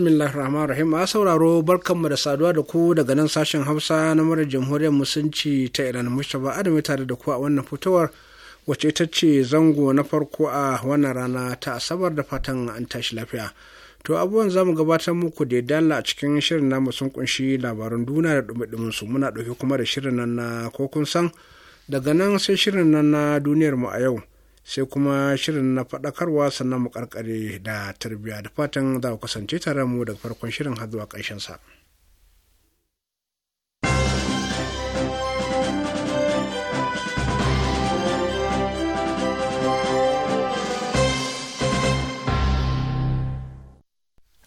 bismillah rahman rahim a sauraro barkanmu da saduwa da ku daga nan sashen hausa na murar jamhuriyar musulunci ta iran mustapha adam tare da ku a wannan fitowar wacce ita ce zango na farko a wannan rana ta asabar da fatan an tashi lafiya to abubuwan za mu gabatar muku da dalla a cikin shirin na sun kunshi labarun duniya da dumi su muna ɗauke kuma da shirin nan na ko kun san daga nan sai shirin nan na duniyar mu a yau sai kuma shirin na faɗakarwa sannan mu karkare da tarbiyya da fatan za ku kasance tare mu daga farkon shirin har zuwa ƙarshen sa.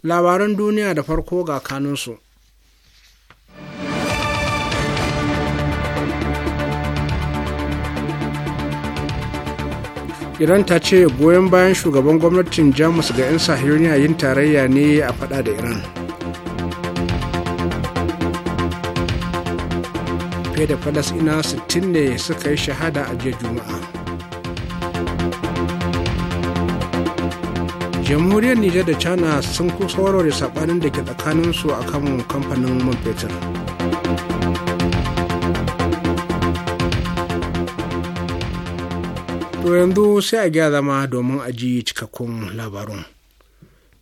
Labaran duniya da farko ga kanunsu. iran ta ce goyon bayan shugaban gwamnatin jamus ga 'yan sahiyoniya yin tarayya ne a fada da iran fiye da falasina 60 ne suka yi shahada a jiya juma'a jamhuriyar nijar da china sun kusa warware saɓanin da ke tsakaninsu a kan kamfanin man fetur to yanzu sai a gyara zama domin a ji cikakkun labarun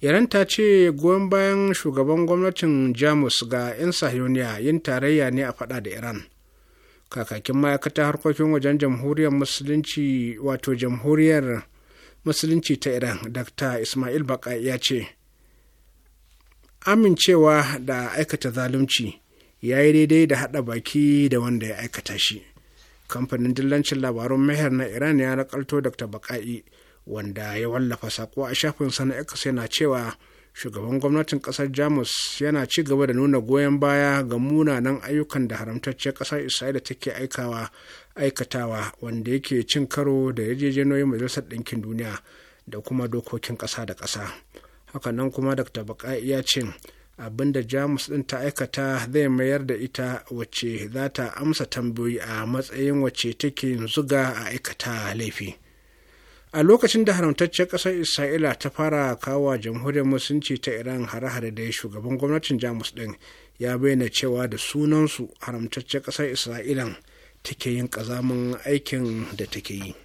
iran ta ce goyon bayan shugaban gwamnatin jamus ga 'yan sahiyoniya yin tarayya ne a fada da iran kakakin ma'aikata harkokin wajen jamhuriyar musulunci wato jamhuriyar musulunci ta iran dr ismail baka ya ce amincewa da aikata zalunci ya yi daidai da haɗa baki da wanda ya aikata shi kamfanin dillancin labarun maher na iran ya nakalto dr baka'i wanda ya wallafa sako a shafin na x yana cewa shugaban gwamnatin kasar jamus yana ci gaba da nuna goyon baya ga munanan ayyukan da haramtacciyar kasar isra'ila take aikawa aikatawa wanda yake cin karo da yarjejeniyoyin majalisar ɗinkin duniya da kuma dokokin ƙasa da ƙasa hakanan kuma dr baka'i ya ce Abin da jamus ɗin ta aikata zai mayar da ita wacce za ta amsa tambayoyi a matsayin wacce take zuga a aikata laifi a lokacin da haramtacciyar ƙasar isra'ila ta fara kawo jamhuriyar musulunci ta iran hare-hare da ya shugaban gwamnatin jamus ɗin ya bayyana cewa da sunansu haramtacciyar ƙasar isra'ilan take yin ƙazamin aikin da take yi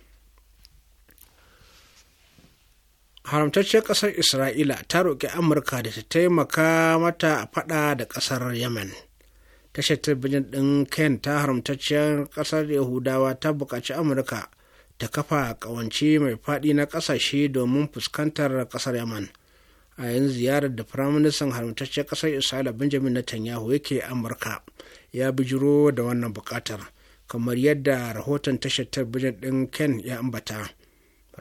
haramtacciyar ƙasar isra'ila ta roƙi amurka da ta taimaka mata a faɗa da ƙasar yemen tashar talabijin ɗin ken ta haramtacciyar ƙasar yahudawa ta buƙaci amurka ta kafa ƙawance mai faɗi na ƙasashe domin fuskantar ƙasar yemen a yanzu ziyarar da firaministan haramtacciyar ƙasar isra'ila benjamin netanyahu yake amurka ya bijiro da wannan buƙatar kamar yadda rahoton tashar talabijin ɗin ken ya ambata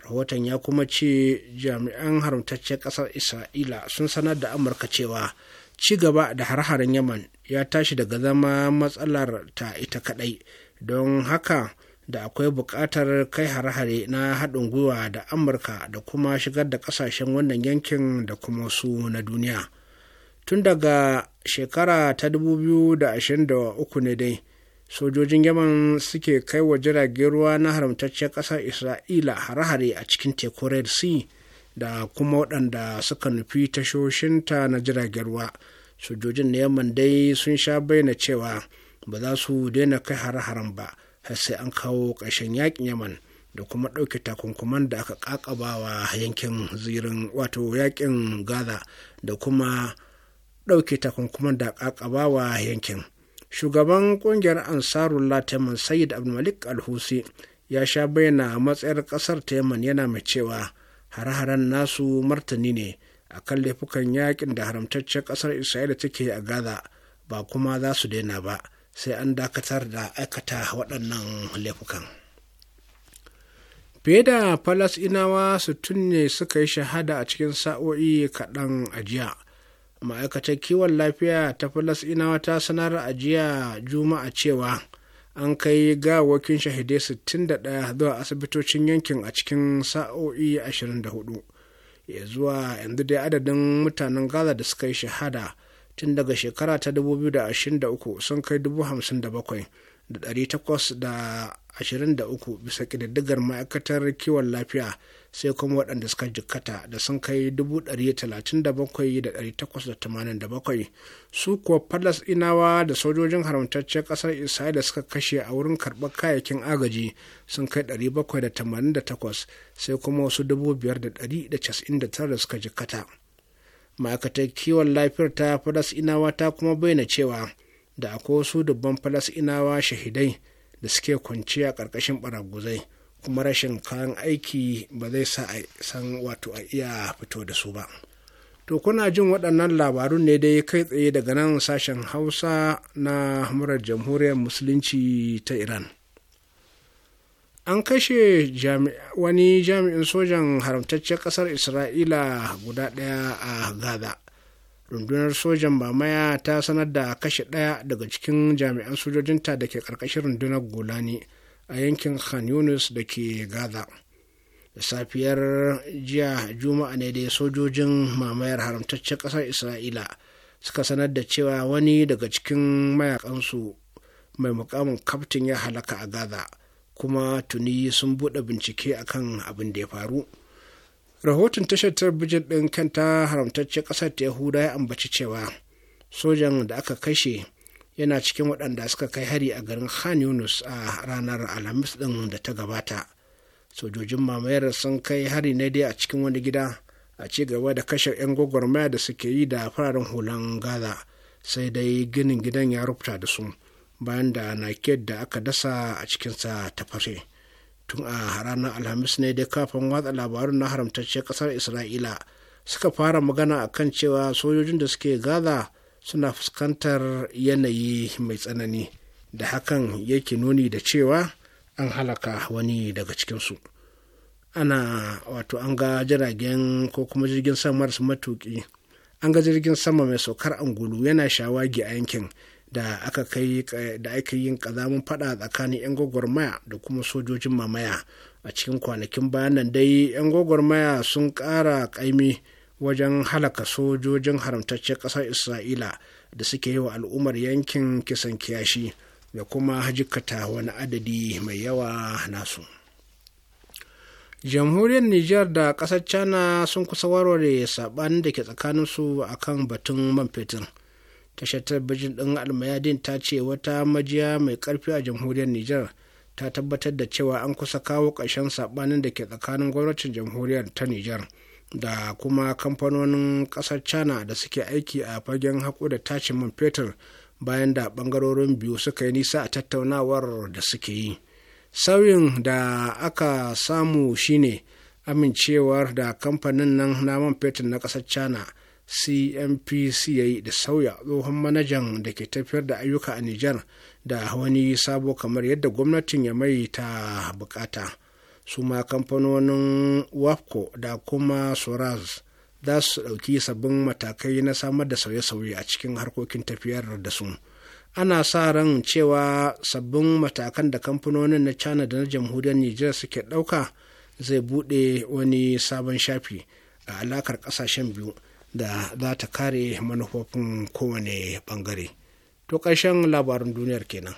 rahoton ya kuma ce jami'an haramtacciyar ƙasar isra'ila sun sanar da amurka cewa ci gaba da har-haren yaman ya tashi daga zama matsalar ta ita kaɗai, don haka da akwai buƙatar kai har-hare na haɗin gwiwa da amurka da kuma shigar da ƙasashen wannan yankin da kuma su na duniya tun daga shekara ta 2023 ne dai sojojin yaman suke kai wa jiragen ruwa na haramtacciyar ƙasar isra'ila hare-hare a cikin teku red sea da kuma waɗanda suka nufi tashoshinta na jiragen ruwa sojojin na yaman dai sun sha bayyana cewa ba za su daina kai hare-haren ba har sai an kawo ƙarshen yakin yaman da kuma ɗauke takunkuman da aka ƙaƙabawa yankin zirin wato yakin gaza da kuma ɗauke takunkuman da ƙaƙabawa yankin shugaban kungiyar ansarun ta sayid sayyid abdulmalik alhusi ya sha bayyana matsayar kasar teman yana mai cewa hare-haren nasu martani ne a kan laifukan yakin da haramtaccen kasar isra'ila take a gaza ba kuma za su daina ba sai an dakatar da aikata waɗannan laifukan fiye da falasinawa su tunne suka yi shahada a cikin sa'o'i kaɗan a jiya ma'aikatar kiwon lafiya ta inawa ta sanar a jiya juma'a cewa an kai gawakin shahidai 61 zuwa asibitocin yankin a cikin sa'o'i 24 ya zuwa yanzu dai adadin mutanen gaza da suka yi shahada tun daga shekara ta 2023 sun kai 57,823 bisa ƙididdigar ma'aikatar kiwon lafiya sai kuma waɗanda suka jikkata da sun kai 137,887 su kuwa inawa da sojojin haramtaccen ƙasar isra'ila suka kashe a wurin karɓar kayayyakin agaji sun kai 788 sai kuma wasu 5,199 da suka jikkata ma'aikatar kiwon lafiyar ta inawa ta kuma bayyana cewa da akwai wasu dubban inawa shahidai da suke a ƙarƙashin ɓaraguzai kuma rashin kayan aiki ba zai sa a san wato a iya fito da su ba to kuna jin waɗannan labarun ne dai kai tsaye daga nan sashen hausa na murar jamhuriyar musulunci ta iran an kashe wani jami'in sojan haramtaccen ƙasar isra'ila guda ɗaya a gaza rundunar sojan mamaya ta sanar da kashe ɗaya daga cikin jami'an sojojinta da ke ƙarƙashin rundunar golani a yankin khan Yunus da ke gaza da safiyar jiya juma'a ne dai sojojin mamayar haramtaccen ƙasar isra'ila suka sanar da cewa wani daga cikin mayakansu mai mukamin kaftin ya halaka a gaza kuma tuni sun buɗe bincike akan abin da ya faru rahoton tashar talbijin ɗin kanta haramtaccen ƙasar ta yahuda ya ambaci cewa sojan da aka kashe yana cikin waɗanda suka kai hari a garin khan yunus a ranar alhamis ɗin da ta gabata sojojin mamayar sun kai hari na dai a cikin wani gida a ci gaba da kashe 'yan gwagwarmaya da suke yi da fararen hulan gaza sai dai ginin gidan ya rubuta da su bayan da naked da aka dasa a cikinsa ta fashe tun a ranar alhamis ne dai kafin watsa labarun na haramtacce kasar isra'ila suka fara magana akan cewa sojojin da suke gaza suna fuskantar yanayi mai tsanani da hakan yake nuni da cewa an halaka wani daga cikinsu ana wato an ga jiragen ko kuma jirgin sama maras matuƙi an ga jirgin sama mai saukar angulu yana shawagi a yankin da aka kai da aka yin kazamin fada tsakanin yan gwagwarmaya da kuma sojojin mamaya a cikin kwanakin bayan nan dai yan gwagwarmaya sun ƙara ƙaimi wajen halaka sojojin haramtaccen ƙasar isra'ila da suke yi wa al'ummar yankin kisan kiyashi da kuma jikata wani adadi mai yawa nasu jamhuriyar niger da ƙasar china sun kusa warware saɓanin da ke tsakaninsu a kan batun man fetur tashar bijin ɗin almayadin ta ce wata majiya mai ƙarfi a jamhuriyar niger ta tabbatar da cewa an kusa kawo ƙarshen saɓanin da ke tsakanin gwamnatin jamhuriyar ta niger da kuma kamfanonin ƙasar china da suke aiki a fagen haƙo da tashin man fetur bayan da ɓangarorin biyu suka yi nisa a tattaunawar da suke yi sauyin da aka samu shine amincewar da kamfanin nan na man fetur na ƙasar china cmpc ya yi da sauya tsohon manajan da ke tafiyar da ayyuka a nijar da wani sabo kamar yadda gwamnatin ya mai ta bukata su ma kamfanonin wafco da kuma soraz za su ɗauki sabbin matakai na samar da sauye-sauye a cikin harkokin tafiyar da su ana sa ran cewa sabbin matakan da kamfanonin na china da na jamhuriyar nijar suke ɗauka zai buɗe wani sabon shafi a alakar ƙasashen biyu da za ta kare manufofin kowane ɓangare to ƙarshen labarin duniyar kenan.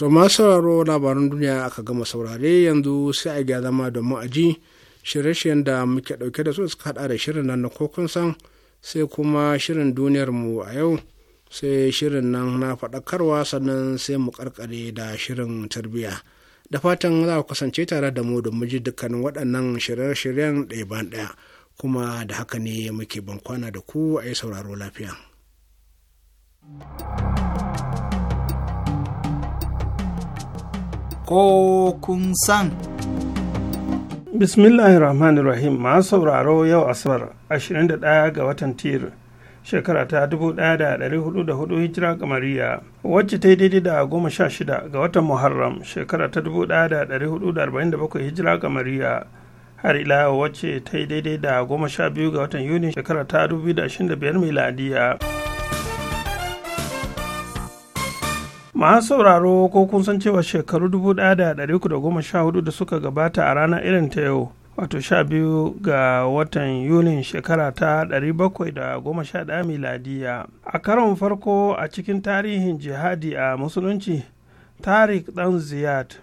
To sauraro labaran duniya aka gama saurare yanzu sai a gya zama domin a ji shirye-shiryen da muke ɗauke da su suka haɗa da shirin nan na kokon san sai kuma shirin duniyar mu a yau sai shirin nan na faɗakarwa sannan sai mu karkare da shirin tarbiyya. Da fatan za ku kasance tare da mu da ji dukkanin waɗannan shirye-shiryen ɗaya ban ɗaya kuma da haka ne muke bankwana da ku a yi sauraro lafiya. ko kun san. Bismillahirrahmanirrahim masu sauraro yau Asabar 21 ga watan Tir shekara ta 1404 hijira kamariya wacce ta yi daidai da 16 ga watan Muharram shekara ta 1447 hijira kamariya har ila wacce ta yi daidai da 12 ga watan Yuni shekara ta 2025 miladiya. masu sauraro ko kun san cewa shekaru 1,314 da suka gabata a ranar irin ta yau wato 12 ga watan yulin shekara ta 711 miladiya a karon farko a cikin tarihin jihadi a musulunci tarik dan ziyad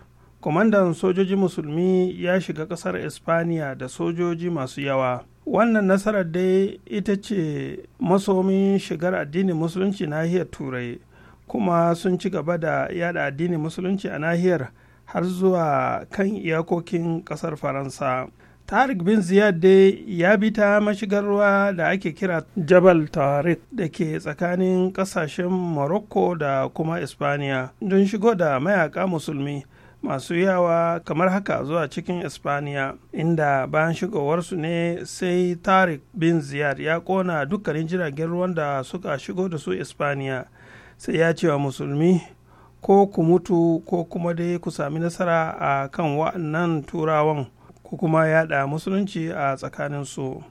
kwamandan sojoji musulmi ya shiga kasar Espaniya da sojoji masu yawa wannan nasarar dai ita ce masomin shigar addinin musulunci nahiyar turai kuma sun ci gaba da yada addinin musulunci a nahiyar har zuwa kan iyakokin kasar faransa tariq bin ziyad dai ya bi ta mashigar ruwa da ake kira jabal tariq da ke tsakanin kasashen morocco da kuma Espaniya don shigo da mayaka musulmi masu yawa kamar haka zuwa cikin Espaniya inda bayan shigowarsu ne sai Tariq bin Ziyad ya kona dukkanin jiragen ruwan da suka shigo da su Espaniya sai ya ce wa musulmi ko ku mutu ko kuma dai ku sami nasara a kan wa'annan turawan ko kuma yada musulunci a tsakaninsu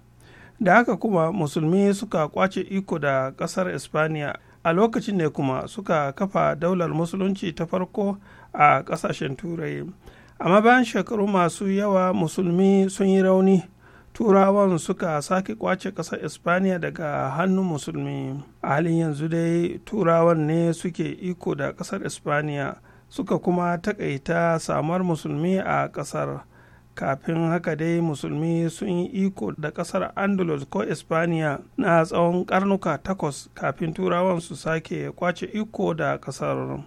da haka kuma musulmi suka kwace iko da ƙasar Espaniya a lokacin ne kuma suka kafa daular musulunci ta farko a ƙasashen turai amma bayan shekaru masu yawa musulmi sun yi rauni turawan suka sake kwace ƙasar Espaniya daga hannun musulmi a halin yanzu dai turawan ne suke iko da ƙasar Espaniya suka kuma takaita samar musulmi a ƙasar kafin haka dai musulmi sun yi iko da ƙasar andalus ko Espaniya na tsawon karnuka takwas kafin turawan su sake kwace iko da ƙasar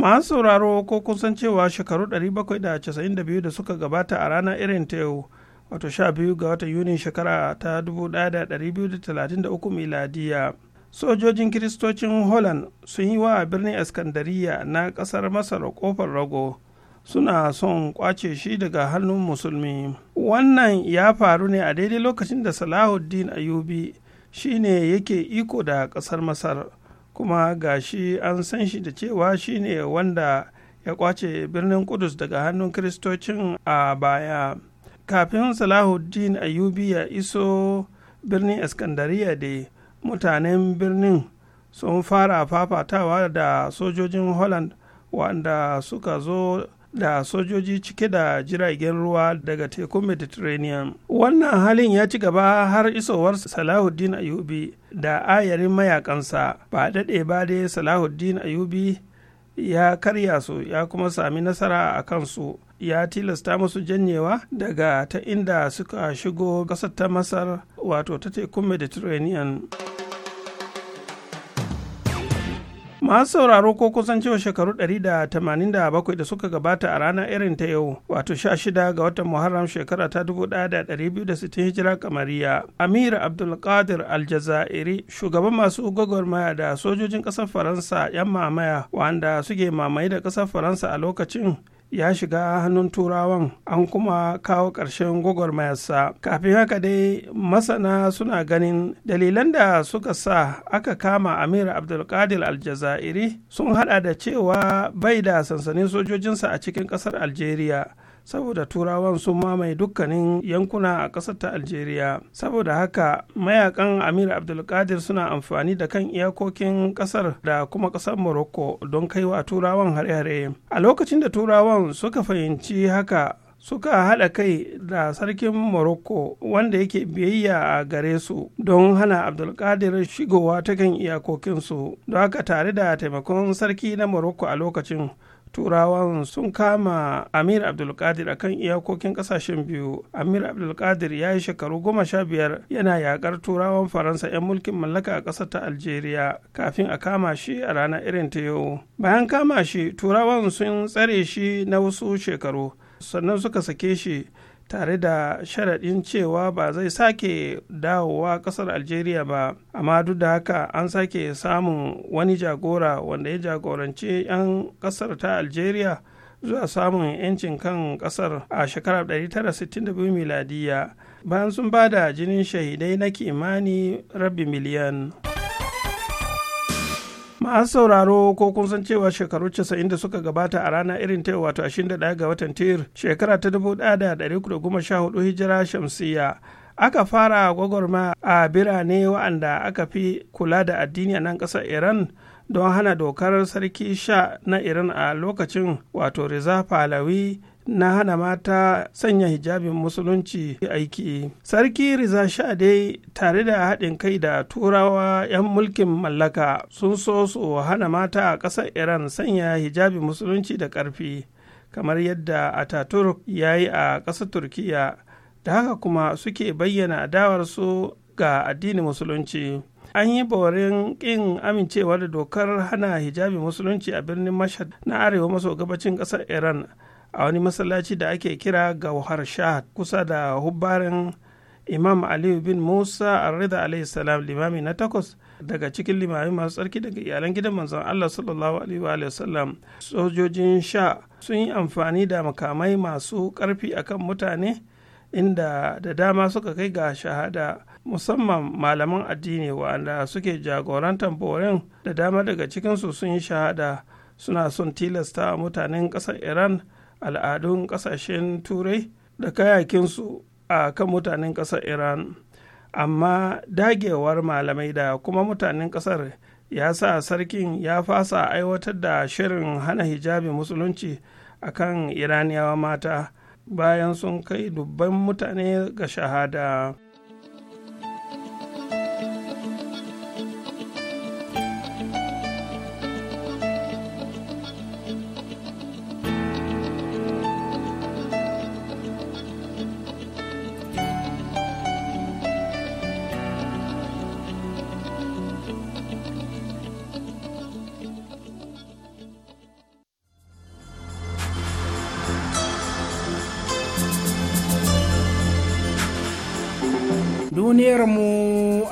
masu sauraro ko kusan cewa shekaru 792 da suka gabata a ranar irin ta yau wato 12 ga watan yunin shekara ta 1233 miladiya sojojin kiristocin holland sun yi wa birnin iskandariya na kasar masar kofar rago suna son kwace shi daga hannun musulmi wannan ya faru ne a daidai lokacin da salahuddin ayubi shine yake iko da kasar masar kuma ga shi an san shi da cewa shi ne wanda ya kwace birnin kudus daga hannun kiristocin a baya kafin salahuddin ayubi ya iso birnin iskandariya da mutanen birnin sun fara fafatawa da sojojin holland wanda suka zo da sojoji cike da jiragen ruwa daga tekun mediterranean wannan halin ya ci gaba har isowar salahuddin ayubi da ayarin mayakansa ba daɗe ba dai salahuddin ayubi ya karya su ya kuma sami nasara a kansu ya tilasta musu janyewa daga ta inda suka shigo gasar ta masar wato ta tekun mediterranean masu sauraro ko kusan cewa shekaru 187 da suka gabata a ranar irin ta yau wato 16 ga watan muharram shekara ta 1260 hijira kamariya amir abdulkadir aljazairi shugaban masu gwagwarmaya da sojojin ƙasar faransa yan mamaya wanda suke mamaye da ƙasar faransa a lokacin ya shiga hannun turawan an kuma kawo ƙarshen gwagwarmayarsa kafin haka dai masana suna ganin dalilan da suka sa aka kama amir abdulkadir aljazairi sun hada da cewa bai da sansanin sojojinsa a cikin ƙasar algeria saboda turawan sun mamaye dukkanin yankuna a ƙasar ta algeria saboda haka mayakan amir abdulkadir suna amfani da kan iyakokin ƙasar da kuma ƙasar morocco don kaiwa turawan hare-hare a lokacin da turawan suka fahimci haka suka haɗa kai da sarkin morocco wanda yake biyayya a gare su don hana abdulkadir shigowa ta kan iyakokinsu don haka tare da taimakon sarki na morocco a lokacin turawan sun kama amir abdulkadir a kan iyakokin kasashen biyu amir abdulkadir ya yi shekaru goma sha biyar yana yakar turawan faransa 'yan mulkin mallaka a ƙasar ta algeria kafin a kama shi a rana irin ta yau bayan kama shi turawan sun tsare shi na wasu shekaru sannan suka sake shi tare da sharaɗin cewa ba zai sake dawowa ƙasar algeria ba amma duk da haka an sake samun wani jagora wanda ya jagoranci 'yan ƙasar ta algeria zuwa samun 'yancin kan ƙasar a shekarar 1962 miladiya bayan sun ba da jinin shahidai na kimani rabi miliyan. masu sauraro ko kun san cewa shekaru 90 da suka gabata a rana irin ta wato 21 ga watan tir shekara ta 1914 hijira shamsiyya aka fara gwagwarma a birane waɗanda aka fi kula da addini a nan ƙasar iran don hana dokar sarki sha na iran a lokacin wato riza pahlavi na hana mata sanya hijabin musulunci aiki sarki riza shade tare da haɗin kai da turawa 'yan mulkin mallaka sun so su hana mata a ƙasar iran sanya hijabin musulunci da ƙarfi kamar yadda ataturk ya yi a ƙasar turkiya da haka kuma suke bayyana adawarsu ga addinin musulunci an yi borin ƙin amincewa da dokar hana hijabin musulunci a birnin mashad na arewa maso gabacin ƙasar iran a wani masallaci da ake kira gauhar shahad kusa da hubbarin imam aliyu bin musa arrida Alayhi salam limami na takwas daga cikin limami masu tsarki daga iyalan gidan manzon allah sallallahu alaihi wa sallam sojojin sha sun yi amfani da makamai masu karfi akan mutane inda da dama suka kai ga shahada musamman malaman addini wa'anda suke jagorantar borin da dama daga cikinsu sun yi shahada suna son tilasta mutanen ƙasar iran al'adun ƙasashen turai da kayakinsu a kan mutanen ƙasar iran amma dagewar malamai da kuma mutanen ƙasar ya sa sarkin ya fasa aiwatar da shirin hana hijabi musulunci a kan iraniyawa mata bayan sun kai dubban mutane ga shahada.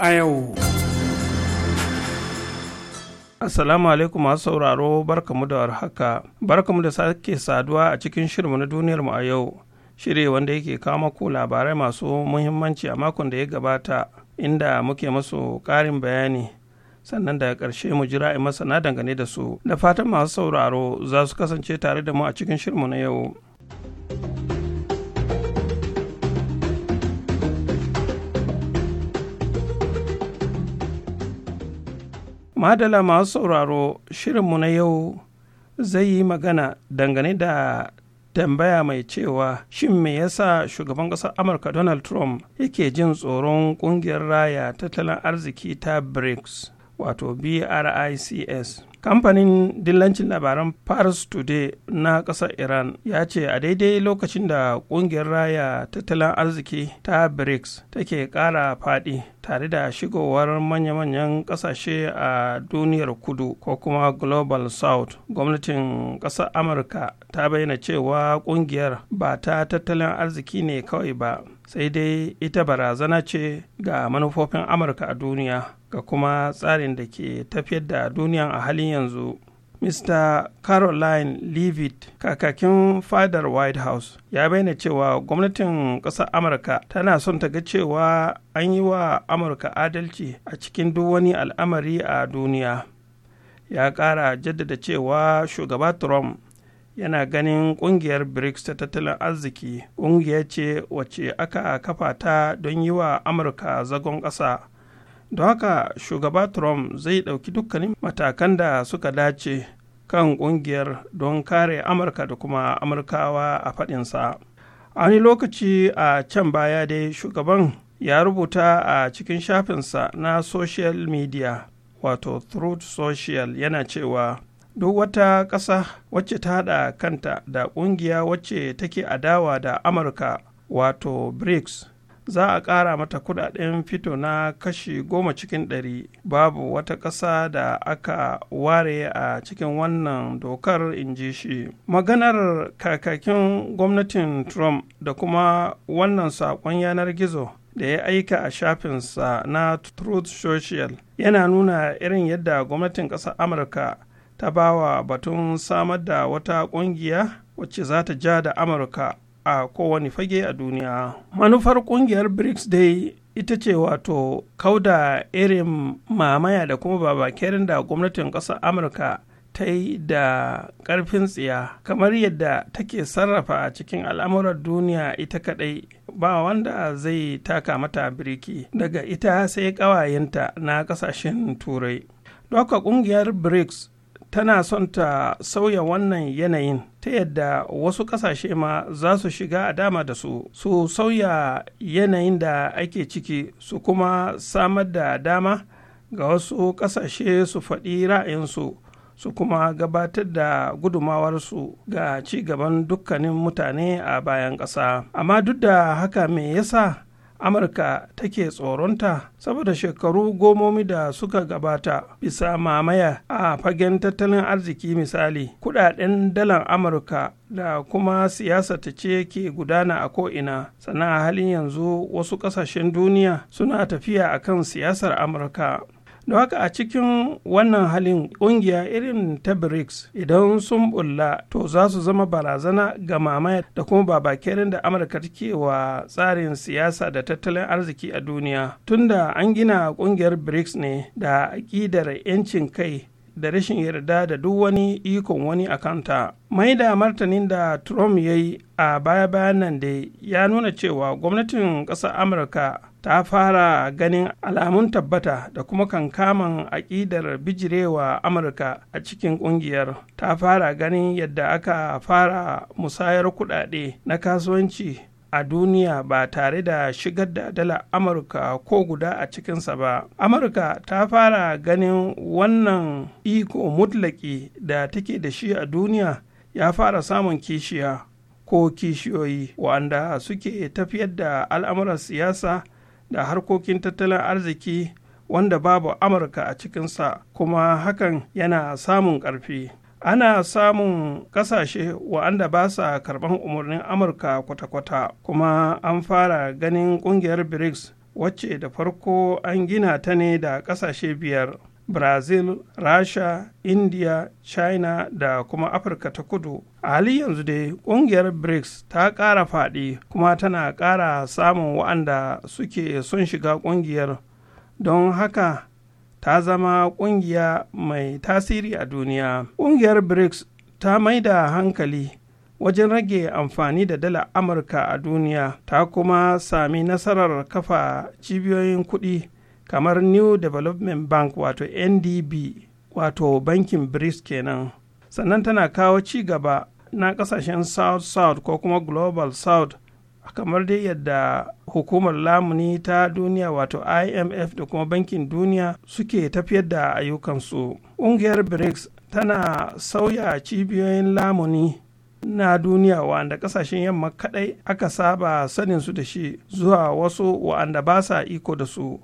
a yau. Assalamu alaikum masu sauraro barkamu da warhaka. Barkamu da sake saduwa a cikin shirinmu na duniyar mu a yau. Shirye wanda yake kawo maku labarai masu muhimmanci a makon da ya gabata inda muke masu ƙarin bayani. Sannan daga ƙarshe mu jira masana dangane da su. Da fatan masu sauraro za su kasance tare da mu a cikin shirinmu na yau. madala masu sauraro shirinmu na yau zai yi magana dangane da tambaya mai cewa shin me yasa shugaban ƙasar amurka donald trump yake jin tsoron ƙungiyar raya tattalin arziki ta brics wato brics kamfanin dillancin labaran paris today na ƙasar iran ya ce a daidai lokacin da ƙungiyar raya tattalin arziki ta brics take ƙara faɗi tare da shigowar manya-manyan ƙasashe a duniyar kudu ko kuma global south gwamnatin ƙasar amurka ta bayyana cewa ƙungiyar ba ta tattalin arziki ne kawai ba sai dai ita barazana ce ga manufofin amurka a duniya ga kuma tsarin da ke tafiyar da duniyan a halin yanzu mr caroline leavitt kakakin fadar white house ya bayyana cewa gwamnatin ƙasar amurka tana son ta ga cewa an yi wa amurka adalci a cikin duk wani al'amari a duniya ya ƙara jaddada cewa shugaba trump yana ganin kungiyar brics ta tattalin arziki kungiya ce wacce aka kafa ta don yi wa amurka zagon ƙasa don haka shugaba trump zai ɗauki dukkanin matakan da suka dace kan kungiyar don kare amurka da kuma amurkawa a faɗinsa a wani lokaci a can baya dai shugaban ya rubuta a cikin shafinsa na social media wato truth social yana cewa duk wata ƙasa wacce ta haɗa kanta da ƙungiya wacce take adawa da amurka wato brics za a ƙara mata kudaden fito na kashi goma cikin ɗari babu wata ƙasa da aka ware a cikin wannan dokar in ji shi maganar kakakin gwamnatin trump da kuma wannan saƙon yanar gizo da ya aika a shafinsa na truth social yana nuna irin yadda gwamnatin ƙasar amurka ta ba wa batun samar da wata ƙungiya wacce za ta ja da amurka a kowane fage a duniya manufar ƙungiyar brics dai ita ce wato kauda irin mamaya da kuma babakerin da gwamnatin ƙasar amurka ta yi da ƙarfin tsiya kamar yadda take sarrafa a cikin al'amuran duniya ita kaɗai ba wanda zai taka mata biriki daga ita sai ƙawayenta na ƙasashen turai. Doka ƙungiyar BRICS tana son ta sauya wannan yanayin ta yadda wasu ƙasashe ma za su shiga a dama da su su sauya yanayin da ake ciki su kuma samar da dama ga wasu ƙasashe su faɗi ra'ayinsu su kuma gabatar da gudumawarsu ga ci gaban dukkanin mutane a bayan ƙasa amma duk da haka me yasa amurka take tsoronta saboda shekaru gomomi da suka gabata bisa mamaya a fagen tattalin arziki misali kudaden dalan amurka da kuma siyasa ta ce ke gudana a ko'ina sannan halin yanzu wasu kasashen duniya suna tafiya akan siyasar amurka da haka a cikin wannan halin ƙungiya irin ta brics idan sun bulla to za su zama barazana ga mamaya da kuma babakerin da amurka take wa tsarin siyasa da tattalin arziki a duniya tunda an gina ƙungiyar brics ne da aƙidar 'yancin kai da rashin yarda da duk wani ikon wani a kanta. Mai da martanin da Trump ya yi a baya-bayan nan da ya nuna cewa gwamnatin ƙasar Amurka ta fara ganin alamun tabbata da kuma kankaman aƙidar bijirewa Amurka a cikin ƙungiyar. Ta fara ganin yadda aka fara musayar kuɗaɗe na kasuwanci a duniya ba tare da shigar da dala amurka ko guda a cikinsa ba amurka ta fara ganin wannan iko mutlaki da take da shi a duniya ya fara samun kishiya ko kishiyoyi wanda suke tafiyar da al'amuran siyasa da harkokin tattalin arziki wanda babu amurka a cikinsa kuma hakan yana samun ƙarfi ana samun kasashe wa'anda ba sa karban umarnin amurka kwata-kwata kuma an fara ganin kungiyar brics wacce da farko an gina ta ne da kasashe biyar brazil rasha india china da kuma afirka ta kudu a halin yanzu dai kungiyar brics ta ƙara faɗi kuma tana ƙara samun wa'anda suke son shiga kungiyar don haka ta zama ƙungiya mai tasiri a duniya ƙungiyar brics ta maida hankali wajen rage amfani da dala amurka a duniya ta kuma sami nasarar kafa cibiyoyin kuɗi kamar new development bank wato ndb wato bankin brics kenan sannan tana kawo ci gaba na ƙasashen south south ko kuma global south kamar dai yadda hukumar lamuni ta duniya wato imf da kuma bankin duniya suke tafiyar da ayyukansu ƙungiyar brics tana sauya cibiyoyin lamuni na duniya wanda kasashen yamma kadai aka saba sanin su da shi zuwa wasu wa'anda ba sa iko da su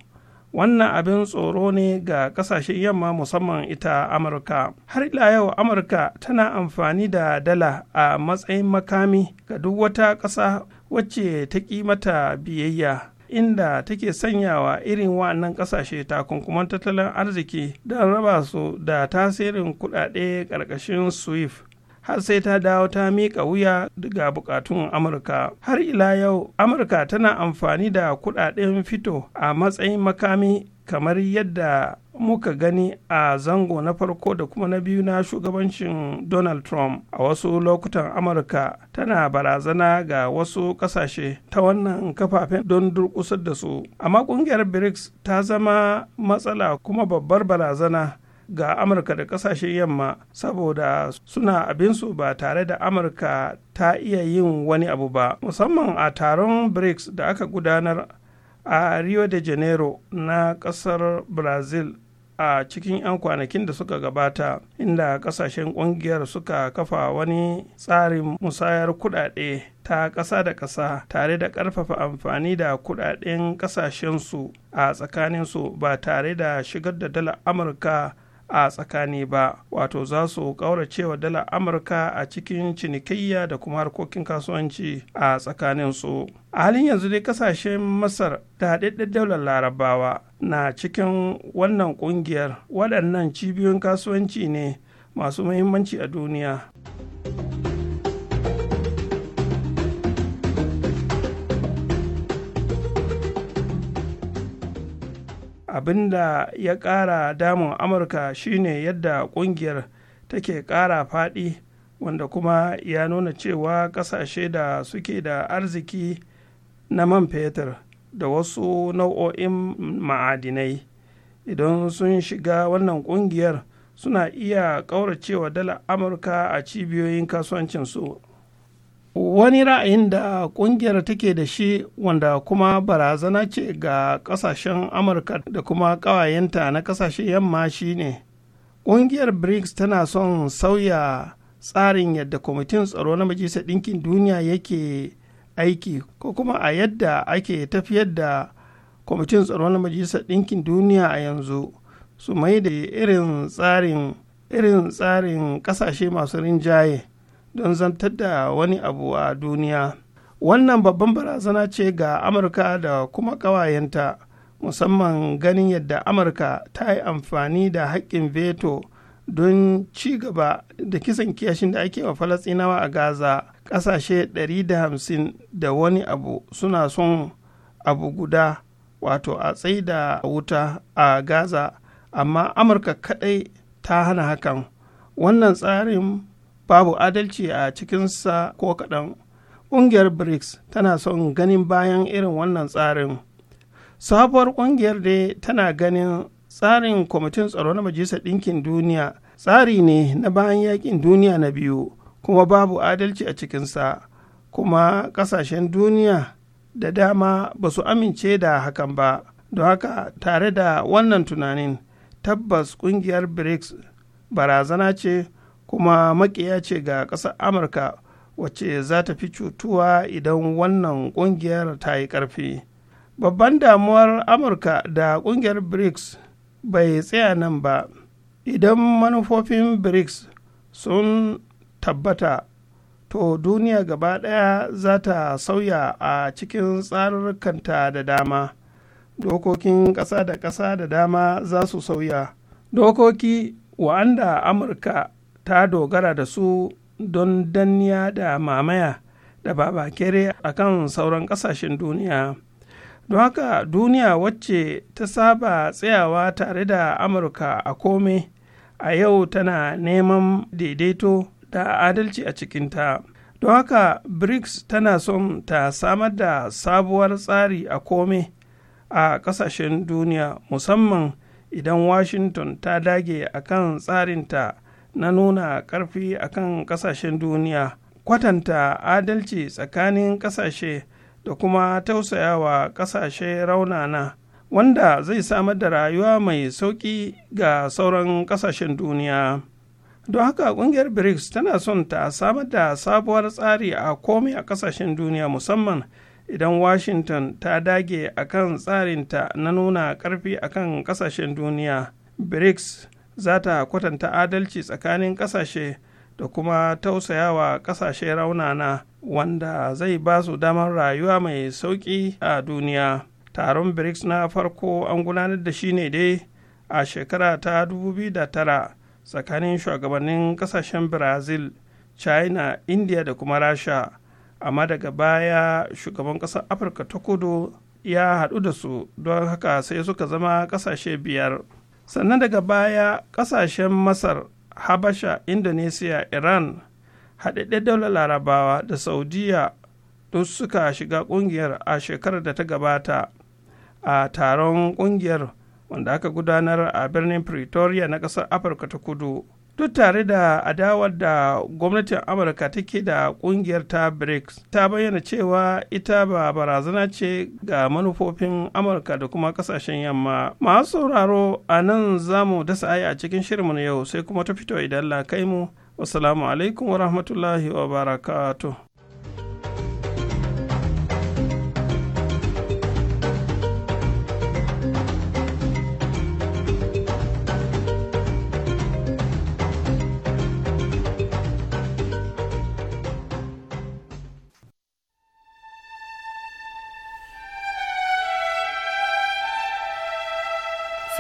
wannan abin tsoro ne ga kasashen yamma musamman ita amurka har ila yau amurka tana amfani da dala a matsayin makami ga duk wata ƙasa wacce ta ƙi mata biyayya inda take sanyawa irin wa'annan ƙasashe takunkuman tattalin arziki don raba su da tasirin kuɗaɗe ƙarƙashin swift har sai ta dawo ta miƙa wuya ga buƙatun amurka har ila yau amurka tana amfani da kuɗaɗen fito a matsayin makami kamar yadda muka gani a zango na farko da kuma na biyu na shugabancin donald trump a wasu lokutan amurka tana barazana ga wasu kasashe ta wannan kafafen don durkusar da su amma kungiyar brics ta zama matsala kuma babbar barazana ga amurka da kasashen yamma saboda suna abinsu ba tare da amurka ta iya yin wani abu ba musamman a taron brics da aka gudanar a rio de janeiro na kasar brazil a cikin 'yan kwanakin da suka gabata inda kasashen kungiyar suka kafa wani tsarin musayar kudade ta ƙasa da ƙasa tare da ƙarfafa amfani da kudaden ƙasashensu a tsakaninsu ba tare da shigar da dalar amurka a tsakani ba wato za su kauracewa dala amurka a cikin cinikayya da kuma harkokin kasuwanci a tsakanin su a halin yanzu dai kasashen masar da haɗaɗɗen daular larabawa na cikin wannan ƙungiyar waɗannan cibiyoyin kasuwanci ne masu muhimmanci a duniya. abin da ya ƙara damun amurka shine yadda ƙungiyar take ƙara faɗi wanda kuma ya nuna cewa ƙasashe da suke da arziki na man fetur da wasu nau'o'in ma'adinai idan sun shiga wannan ƙungiyar suna iya ƙauracewa dalar amurka a cibiyoyin kasuwancinsu wani ra'ayin da kungiyar take da shi wanda kuma barazana ce ga kasashen amurka da kuma ƙawayenta na kasashe yamma shine kungiyar brics tana son sauya tsarin yadda kwamitin tsaro na majalisar ɗinkin duniya yake aiki ko kuma a yadda ake tafiyar da kwamitin tsaro na majalisar ɗinkin duniya a yanzu su mai da irin tsarin irin tsarin ƙasashe masu rinjaye don zantar da wani abu a duniya wannan babban barazana ce ga amurka da kuma ƙawayenta musamman ganin yadda amurka ta yi amfani da haƙƙin veto don ci gaba da kisan kiyashin da ake wa falasinawa a gaza ƙasashe 150 da wani abu suna son abu guda wato a tsaye da wuta a gaza amma amurka kaɗai ta hana hakan wannan tsarin babu adalci a cikinsa ko kaɗan ƙungiyar brics tana son ganin bayan irin wannan tsarin sabuwar ƙungiyar dai tana ganin tsarin kwamitin tsaro na majalisar ɗinkin duniya tsari ne na bayan yakin duniya na biyu kuma babu adalci a cikinsa kuma ƙasashen duniya da dama ba su amince da hakan ba don haka tare da wannan tunanin tabbas ƙungiyar brics barazana ce kuma makiya ce ga ƙasar amurka wacce za ta fi cutuwa idan wannan ƙungiyar ta yi ƙarfi babban damuwar amurka da ƙungiyar brics bai tsaya nan ba idan manufofin brics sun tabbata to duniya gaba ɗaya za ta sauya a cikin tsarukanta da dama dokokin ƙasa da ƙasa da dama za su sauya dokoki wa'anda amurka ta dogara da su don danniya da mamaya da babakere a kan sauran ƙasashen duniya don haka duniya wacce ta saba tsayawa tare da amurka a kome a yau tana neman daidaito da adalci a cikinta don haka brics tana son ta samar da sabuwar tsari a kome a ƙasashen duniya musamman idan washington ta dage akan tsarinta na nuna ƙarfi akan ƙasashen duniya kwatanta adalci tsakanin ƙasashe da kuma tausayawa ƙasashe raunana wanda zai samar da rayuwa mai sauƙi ga sauran ƙasashen duniya don haka ƙungiyar brics tana son ta samar da sabuwar tsari a komai a ƙasashen duniya musamman idan washington ta dage akan tsarinta na nuna ƙarfi akan ƙasashen duniya brics za ta kwatanta adalci tsakanin ƙasashe da kuma tausayawa ƙasashe raunana wanda zai ba su damar rayuwa mai sauƙi a duniya taron brics na farko an gudanar da shi ne dai a shekara ta 2009 tsakanin shugabannin ƙasashen brazil china india da kuma rasha amma daga baya shugaban ƙasar afirka ta kudu ya haɗu da su don haka sai suka zama ƙasashe biyar sannan daga baya ƙasashen masar habasha indonesiya iran haɗaɗɗen daular larabawa da saudiya duk suka shiga ƙungiyar a shekarar da ta gabata a taron ƙungiyar wanda aka gudanar a birnin pretoria na ƙasar afirka ta kudu duk tare da adawar da gwamnatin amurka take da kungiyar ta brics ta bayyana cewa ita ba barazana ce ga manufofin amurka da kuma kasashen yamma masu sauraro a nan za mu dasa aya a cikin shirinmu na yau sai kuma ta fito idan la kai mu wasalamu alaikum wa rahmatullahi wa barakatuh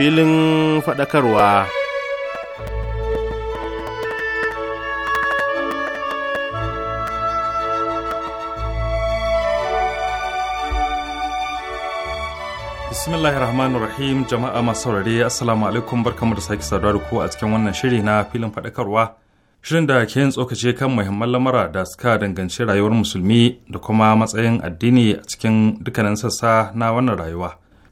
filin faɗakarwa. Bismillahirrahmanirrahim rahmanir rahim jama'a masu saurare assalamu alaikum barkamu da sake saduwa da ku a cikin wannan shiri na filin faɗakarwa shirin da ke yin tsokace kan muhimman lamura da suka danganci rayuwar musulmi da kuma matsayin addini a cikin dukkanin sassa na wannan rayuwa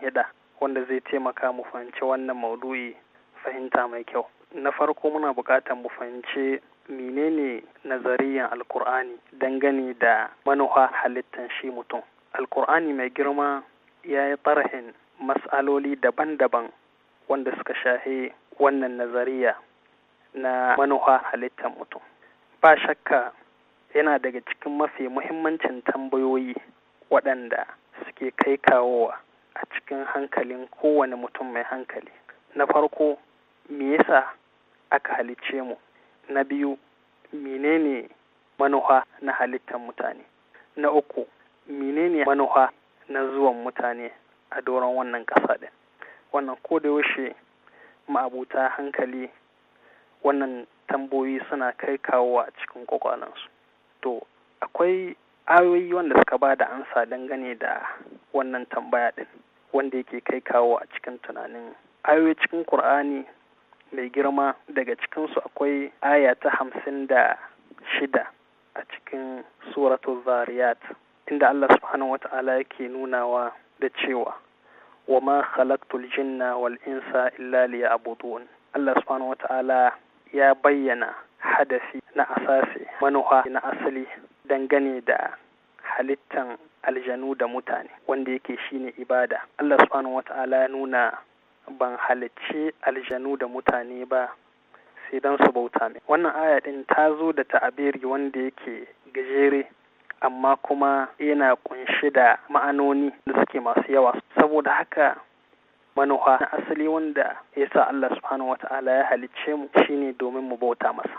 hida wanda zai taimaka mu fahimci wannan maudu'i fahimta mai kyau. Na farko muna buƙatar mu fahimci menene nazariyan alkur'ani dangane da manuha halittan shi mutum. Alkur'ani mai girma ya yi tarihin mas'aloli daban-daban wanda suka shahi wannan nazariya na manuha halittan mutum. Ba shakka yana daga cikin mafi muhimmancin tambayoyi waɗanda suke kai kawowa a cikin hankalin kowane mutum mai hankali na farko me yasa aka halicce mu na biyu menene manoha na halittar mutane na uku menene manoha na zuwan mutane a doron wannan ƙasa ɗin wannan ko da yaushe ma'abuta hankali wannan tambayoyi suna kai kawo a cikin ƙwaƙwalansu to akwai ayoyi wanda suka ba da ansa dangane da wannan tambaya ɗin wanda yake kai kawo a cikin tunanin ayoyi cikin Kur'ani mai girma daga cikinsu akwai aya ta hamsin da shida a cikin suratul zariyat inda Allah subhanahu wata'ala yake nunawa da cewa wa ma khalaqtul jinna wal insa illa liya'budun Allah subhanahu wata'ala ya bayyana hadasi na asasi manuha na asali dangane da halittan aljanu da mutane wanda yake shine ibada Allah subhanahu wata'ala ya nuna ban halicci aljanu da mutane ba sai don su bauta mai wannan aya din ta zo da ta'abiri wanda yake gajere amma kuma yana kunshi da ma'anoni da suke masu yawa saboda haka manufa na asali wanda ya sa Allah subhanahu wata'ala ya halicce mu shine domin mu bauta masa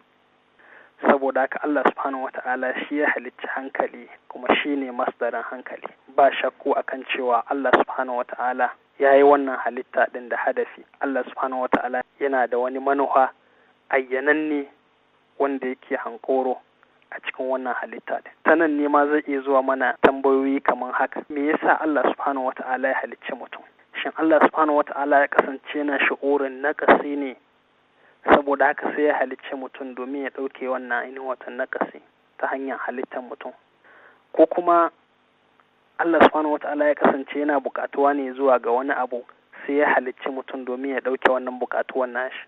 saboda haka Allah subhanahu wata'ala shi ya halicci hankali kuma shi ne masdarin hankali ba shakku kan cewa Allah subhanahu wata'ala ya yi wannan halitta ɗin da hadafi Allah subhanahu wata'ala yana da wani manuha ayyananne wanda yake hankoro a cikin wannan halitta ɗin ta nan ne ma zai iya zuwa mana tambayoyi kamar haka me yasa Allah subhanahu wata'ala ya halicci mutum shin Allah subhanahu wata'ala ya kasance na shi'urin nakasi ne saboda haka sai ya halicci mutum domin ya ɗauke wannan ainihin watan nakasi ta hanyar halittar mutum ko kuma Allah subhanahu wata'ala ya kasance yana bukatuwa ne zuwa ga wani abu sai ya halicci mutum domin ya ɗauke wannan bukatuwan nashi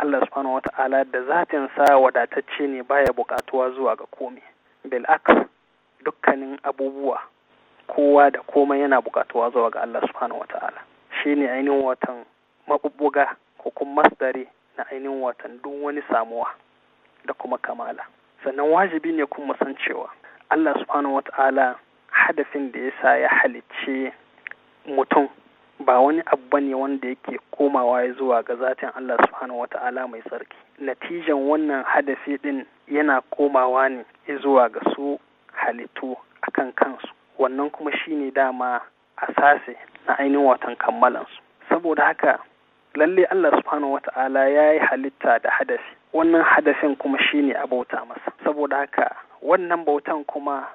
Allah subhanahu wa ta'ala da zatin sa wadatacce ne baya bukatuwa zuwa ga komai bil dukkanin abubuwa kowa da komai yana bukatuwa zuwa ga Allah subhanahu wa ta'ala shine ainihin watan maɓuɓɓuga, ko kuma masdari na ainihin watan duk wani samuwa da kuma kamala sannan wajibi ne kuma san cewa Allah subhanahu wa ta'ala hadafin da ya sa ya halicce mutum ba wani abu ne wanda yake komawa zuwa ga zatin Allah subhanahu wata'ala mai tsarki natijan wannan hadafi din yana komawa ne zuwa ga su halittu akan kansu wannan kuma shine dama a sase na ainihin watan kammalansu saboda haka lalle Allah subhanahu wata'ala ya yi halitta da hadafi wannan hadafin kuma shine a bauta masa saboda haka wannan bautan kuma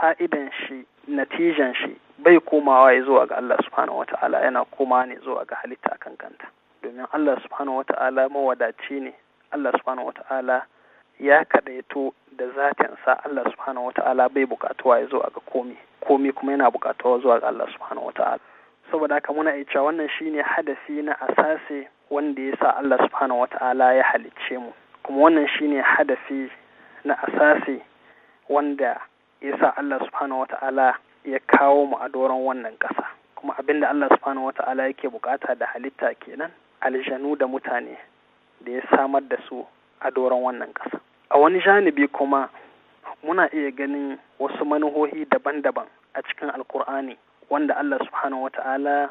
fa'idan shi natijan shi bai komawa ya zuwa ga Allah subhanahu wata'ala yana koma ne zuwa ga halitta kan kanta domin Allah subhanahu wata'ala mawadaci ne Allah subhanahu wata'ala ya kadaito da zatinsa Allah subhanahu wata'ala bai bukatuwa ya zuwa ga komi komi kuma yana bukatuwa zuwa ga Allah subhanahu wata'ala saboda haka muna iya wannan shine hadafi na asase wanda ya sa Allah subhanahu wata'ala ya halicce mu kuma wannan shine hadafi na asasi wanda yasa Allah subhanahu wata'ala ya kawo mu a doron wannan ƙasa kuma abin da Allah subhanahu wata'ala yake bukata da halitta kenan aljanu da mutane da ya samar da su a doron wannan ƙasa a wani janibi kuma muna iya ganin wasu manuhohi daban-daban a cikin alkur'ani wanda Allah subhanahu wata'ala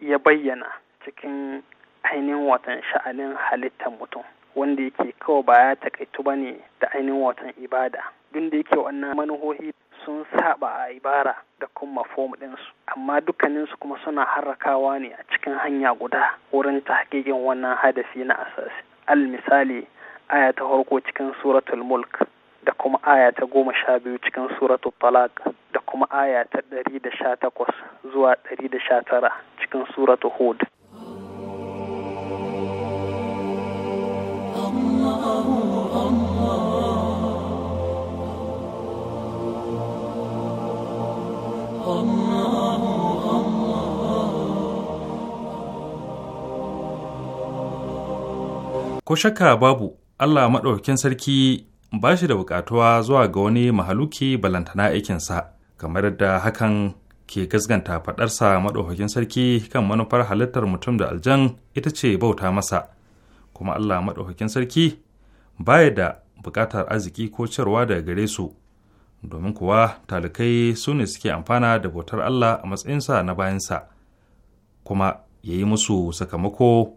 ya bayyana cikin ainihin watan sha'anin halittar mutum wanda yake kawai baya takaitu ba ne da ainihin watan ibada duk da yake wannan manuhohi sun saba a ibara da kuma fom ɗinsu amma dukkaninsu kuma suna harrakawa ne a cikin hanya guda wurin hakikin wannan hadafi na asasi al misali aya ta farko cikin suratul mulk da kuma aya ta goma sha biyu cikin suratul talaq da kuma aya ta ɗari da sha takwas zuwa ɗari da sha tara cikin suratul hud ko shakka babu Allah maɗaukin sarki ba shi da buƙatuwa zuwa ga wani mahaluki balantana aikinsa kamar da hakan ke gasganta faɗarsa maɗaukin sarki kan manufar halittar mutum da aljan ita ce bauta masa kuma Allah maɗaukakin sarki baya da buƙatar arziki ko cirwa daga gare su domin kuwa talikai su ne suke amfana da bautar Allah a matsayinsa na bayansa kuma ya yi musu sakamako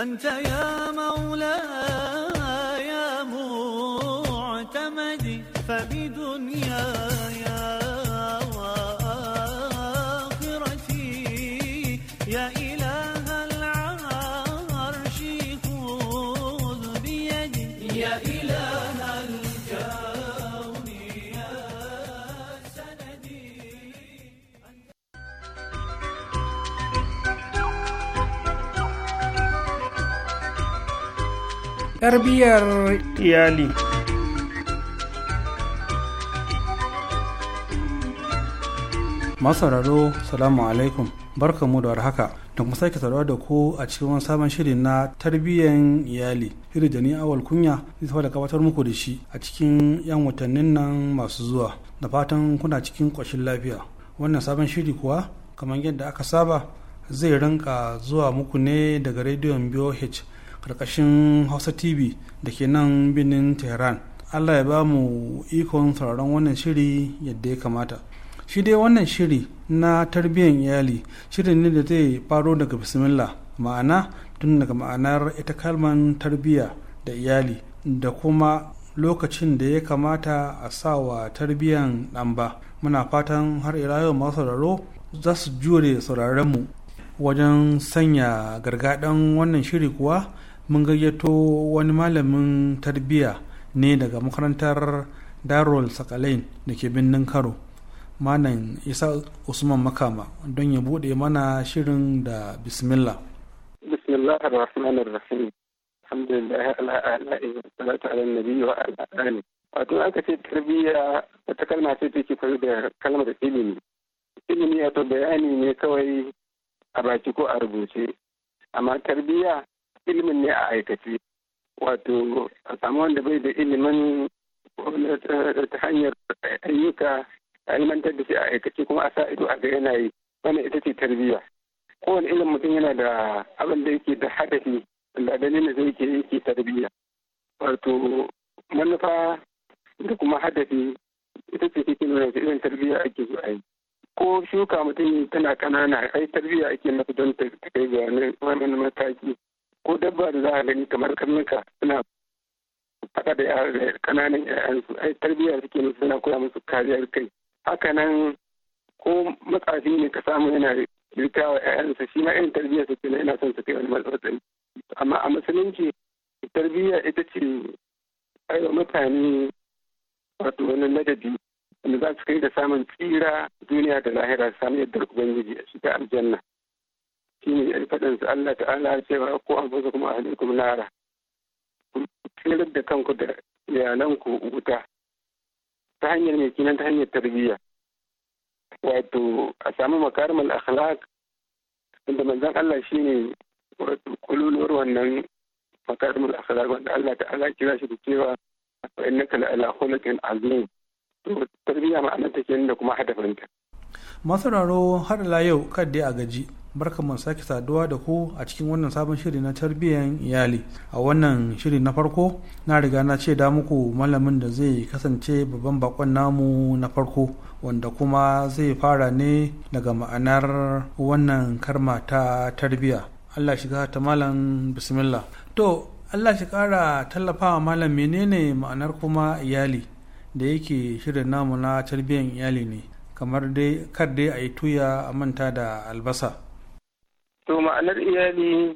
أنت يا مولاي tarbiyyar iyali masararo salamu alaikum barkanmu da warhaka da kuma sake saurara da ku a cikin wani sabon shirin na tarbiyyar iyali shiri da ni awal kunya zai da gabatar muku da shi a cikin yan watannin nan masu zuwa da fatan kuna cikin ƙoshin lafiya wannan sabon shiri kuwa kamar yadda aka saba zai rinka zuwa muku ne daga rediyon BOH karkashin hausa tv da ke nan birnin tehran allah ya ba mu ikon sauraron wannan shiri yadda ya kamata shi dai wannan shiri na tarbiyyar iyali shirin ne da zai faro daga bismillah ma'ana tun daga ma'anar ita kalman tarbiyya da iyali da kuma lokacin da ya kamata a sa wa tarbiyyar ɗan ba muna fatan har ila yau masu sauraro za su jure sauraronmu wajen sanya gargaɗin wannan shiri kuwa mun gayyato wani malamin tarbiyya ne daga makarantar darul sakalain da ke birnin karo manan isa usman makama don ya bude mana shirin da bismillah bismillah ar-rahman ar-rahim alhamdulillah ala'ala'i salatu ala nabi wa ala'ali wato aka ce tarbiyya wata kalma ce take koyi da kalmar ilimi ilimi wato bayani ne kawai a baki ko a rubuce amma tarbiyya ilimin ne a aikace wato a samu wanda bai da ilimin ta hanyar ayyuka a ilimantar da shi a aikace kuma a sa ido a ga yana yi wannan ita ce tarbiyya kowane ilimin mutum yana da abin da yake da hadafi da ganin da zai ke yake tarbiyya wato manufa da kuma hadafi ita ce take nuna da irin tarbiyya ake zuwa yi ko shuka mutum tana kanana ai tarbiyya ake masa don ta kai ga wani mataki ko dabba da za a gani kamar karnuka suna faɗa da ƙananan yayansu ai tarbiyya suke musu suna koya musu kariyar kai hakanan ko matsafi ne ka samu yana rika wa yayansa shi ma irin tarbiyya suke na yana son su kai wani matsatsin amma a musulunci tarbiyya ita ce wa mutane wato wani ladabi wanda za su kai da samun tsira duniya da lahira samu yadda ubangiji a shiga aljanna shi ne faɗin su Allah ta'ala cewa ko an fasa kuma alaikum nara tsirar da kanku da iyalanku wuta ta hanyar mai kinan ta hanyar tarbiyya wato a samu makarimar akhlaq inda manzon Allah shi ne wato kululuwar wannan makarimar akhlaq wanda Allah ta'ala kira shi da cewa wa innaka la ala khuluqin azim to tarbiyya ma'anar take da kuma hadafinta masararo har la yau kadai a gaji barka mu sake saduwa da ku a cikin wannan sabon shiri na tarbiyyar iyali a wannan shiri na farko na riga na ce da muku malamin da zai kasance babban bakon namu na farko wanda kuma zai fara ne daga ma'anar wannan karma ta tarbiyya allah shiga ta malam bismillah to allah shi kara tallafa wa malam menene ma'anar kuma iyali da yake shirin namu na tarbiyyar iyali ne kamar dai kar dai a yi tuya a manta da albasa to ma'anar iyali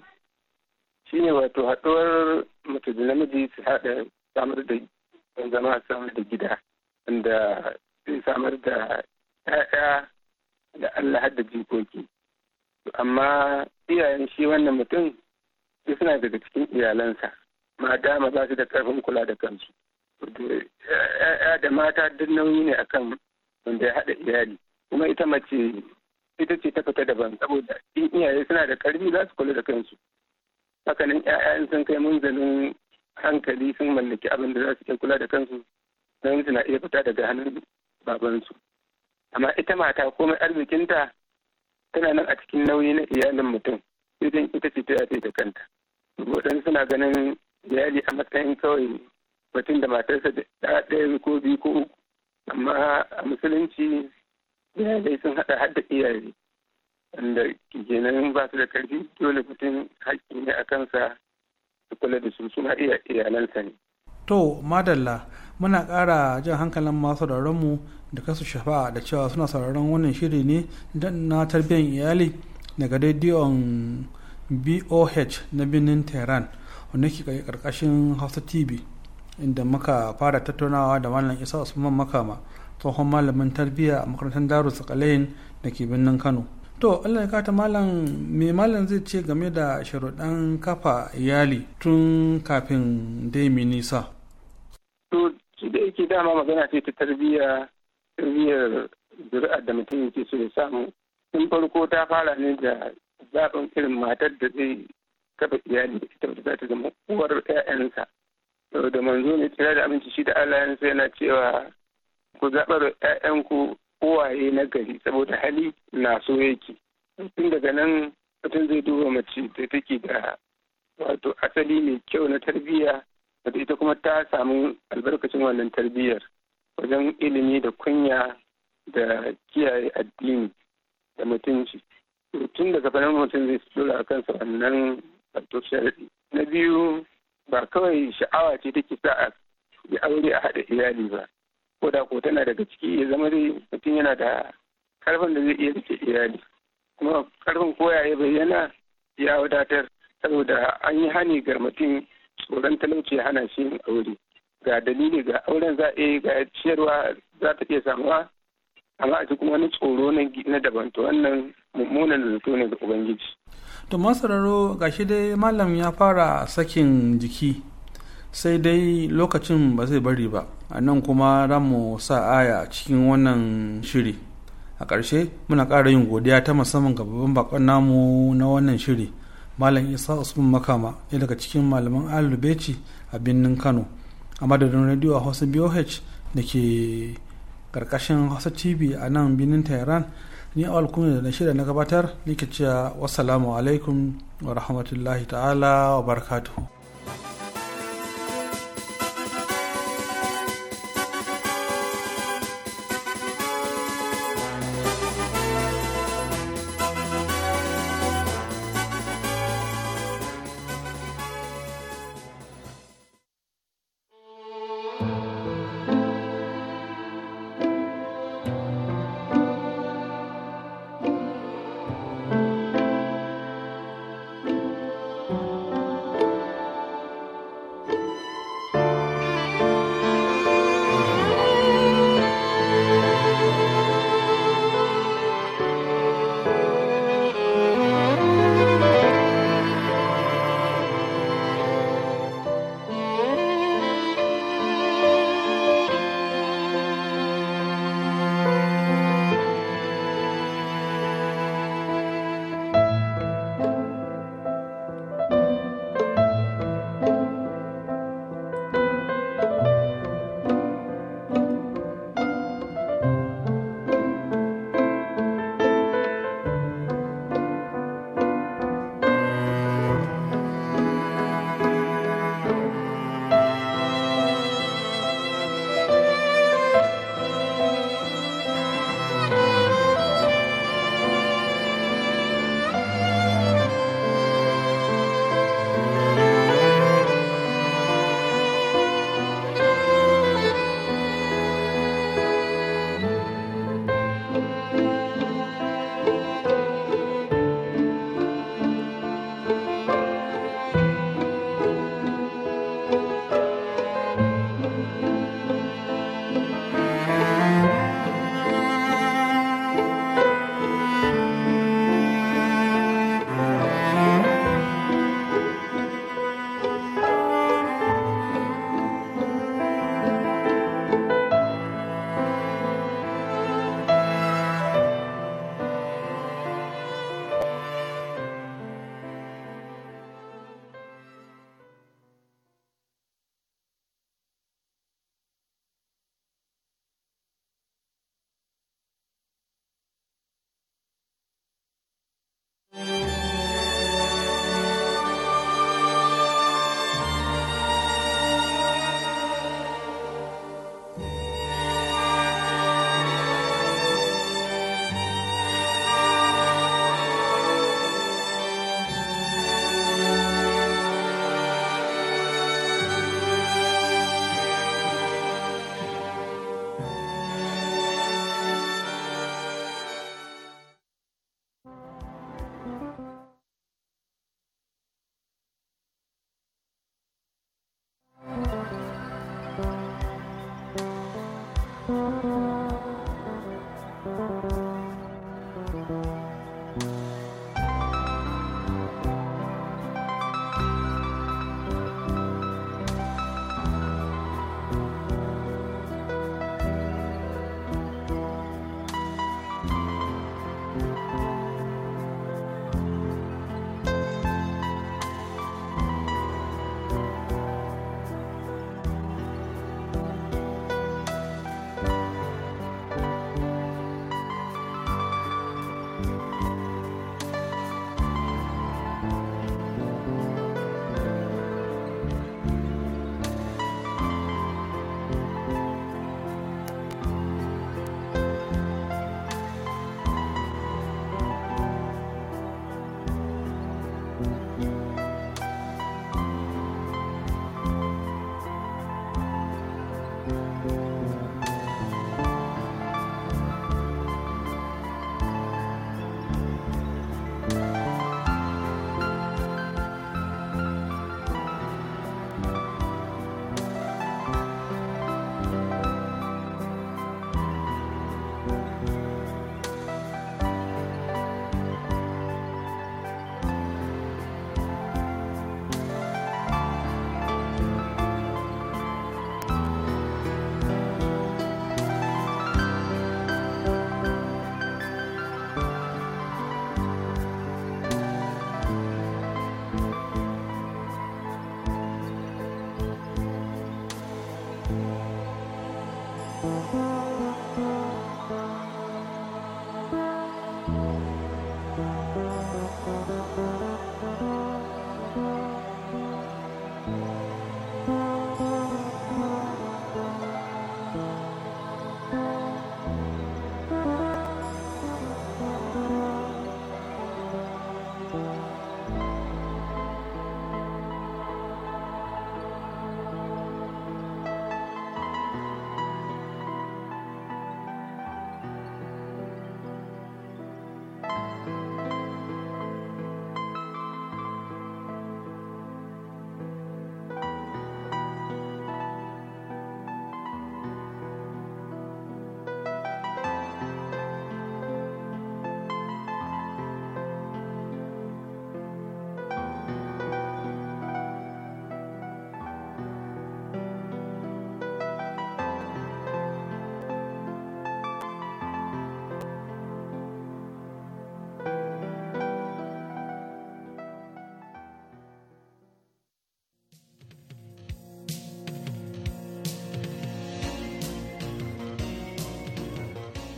shine wato haɗuwar mace da namiji su haɗa samar da zama samar da gida wanda zai samar da 'ya'ya da Allah da jikoki amma iyayen shi wannan mutum duk suna daga cikin iyalansa ma dama ba su da karfin kula da kansu Ya'ya da mata duk nauyi ne akan wanda ya haɗa iyali kuma ita mace ita ce ta fita daban saboda in iyaye suna da ƙarfi za su kula da kansu hakanan ƴaƴan sun kai munzalin hankali sun mallaki abin da za su iya kula da kansu don suna iya fita daga hannun babansu amma ita mata komai arzikinta tana nan a cikin nauyi na iyalin mutum idan ita ce ta da kanta waɗansu suna ganin iyali a matsayin kawai batun da matarsa da ɗaya ko biyu ko uku amma a musulunci iyalai sun hada hadda iyaye wanda kenan ba su da karfi dole mutum haƙƙi ne a kansa su kula da su suna iya iyalansa ne. To madalla muna ƙara jan hankalin masu mu da kasu shafa da cewa suna sauraron wannan shiri ne na tarbiyyar iyali daga rediyon BOH na birnin Tehran wanda ke ƙarƙashin Hausa TV. inda muka fara tattaunawa da malam isa usman makama tsohon malamin tarbiyya a makarantar daru sakalayin da ke birnin kano to allah ya kata malam me malam zai ce game da sharuɗan kafa iyali tun kafin dai mi nisa to shi da yake dama magana ce ta tarbiyya tarbiyyar zuri'ar da mutum yake so ya samu tun farko ta fara ne da zaɓin irin matar da zai kafa iyali da ita ta zama uwar 'ya'yansa da manzo ya tsira da aminci shi da Allah ya yana cewa ku zaɓar ‘ya'yanku uwaye na gari saboda hali na so yake tun daga nan mutum zai duba mace da take da wato asali mai kyau na tarbiyya wato ita kuma ta samu albarkacin wannan tarbiyyar wajen ilimi da kunya da kiyaye addini da mutunci tun daga fanin mutum zai tura kansa wannan wato sharadi na biyu ba kawai sha'awa ce take sa a yi aure a haɗa iyali ba ko da ko tana daga ciki ya zama dai mutum yana da karfin da zai iya rike iyali kuma karfin koya ya bayyana ya wadatar saboda an yi hani ga mutum tsoron talauci hana shi aure ga dalili ga auren za a yi ga ciyarwa za ta iya samuwa amma a kuma wani tsoro na daban to wannan mummunan zato ne ga ubangiji to masararo gashi dai malam ya fara sakin jiki sai dai lokacin ba zai bari ba a nan kuma ramu sa aya cikin wannan shiri a ƙarshe muna ƙara yin godiya ta musamman ga babban bakon namu na wannan shiri malam isa usman makama ya daga cikin malaman alubeci a birnin kano a madadin radio a hausa boh da ke karkashin hausa tv a nan birnin tehran ni awal kuma da na shirya na gabatar ni ke cewa wasu alaikum wa rahmatullahi ta'ala wa barakatuhu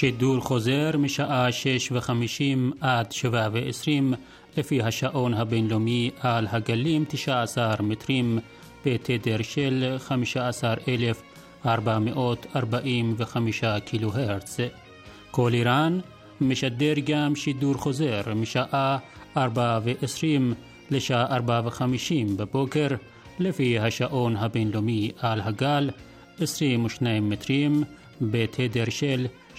שידור חוזר משעה 6 ו עד 7 לפי השעון הבינלאומי על הגלים 19 מטרים בתדר של 15,445 קילו הרץ. כל איראן משדר גם שידור חוזר משעה 4 ו לשעה 4 בבוקר לפי השעון הבינלאומי על הגל 22 מטרים בתדר של 15,445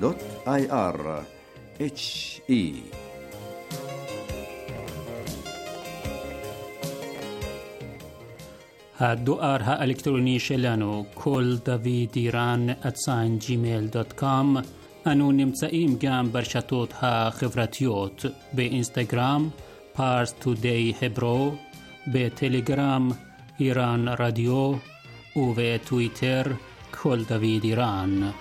www.hr HE دو آرها الکترونی شلانو کل دوید ایران اتسان جیمیل دات کام انو نمتسائیم گام برشتوت ها خفرتیوت به انستگرام پارس تو دی هبرو به تلگرام ایران رادیو و به تویتر کل دوید ایران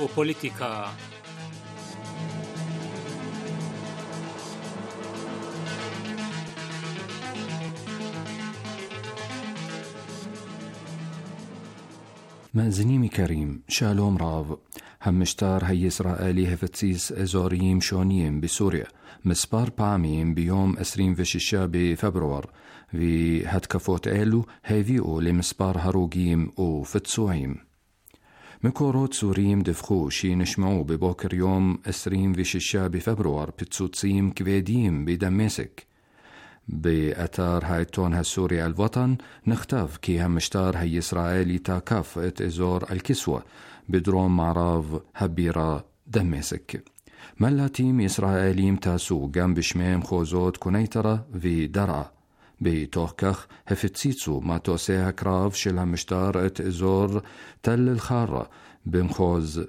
وبوليتيكا مأزنيمي كريم شالوم راف همشتار هي إسرائيلي هفتسيس أزوريم شونيم بسوريا مسبار باميم بيوم أسرين فيشيشا بفبروار في هتكفوت إلو هيفيو لمسبار هروجيم وفتسوعيم مكوروت سوريم دفخو شي نشمعو ببوكر يوم اسريم وششا بفبروار بتسوتسيم كفيديم بدمسك بأتار هايتون هالسوري الوطن نختاف كي مشتار هي إسرائيلي تاكاف ات ازور الكسوة بدروم معراف هبيرة دمسك ملاتيم إسرائيليم تاسو جنب شميم خوزوت كونيترا في درعه בתוך כך הפציצו מטוסי הקרב של המשטר את אזור תל אל-חרא במחוז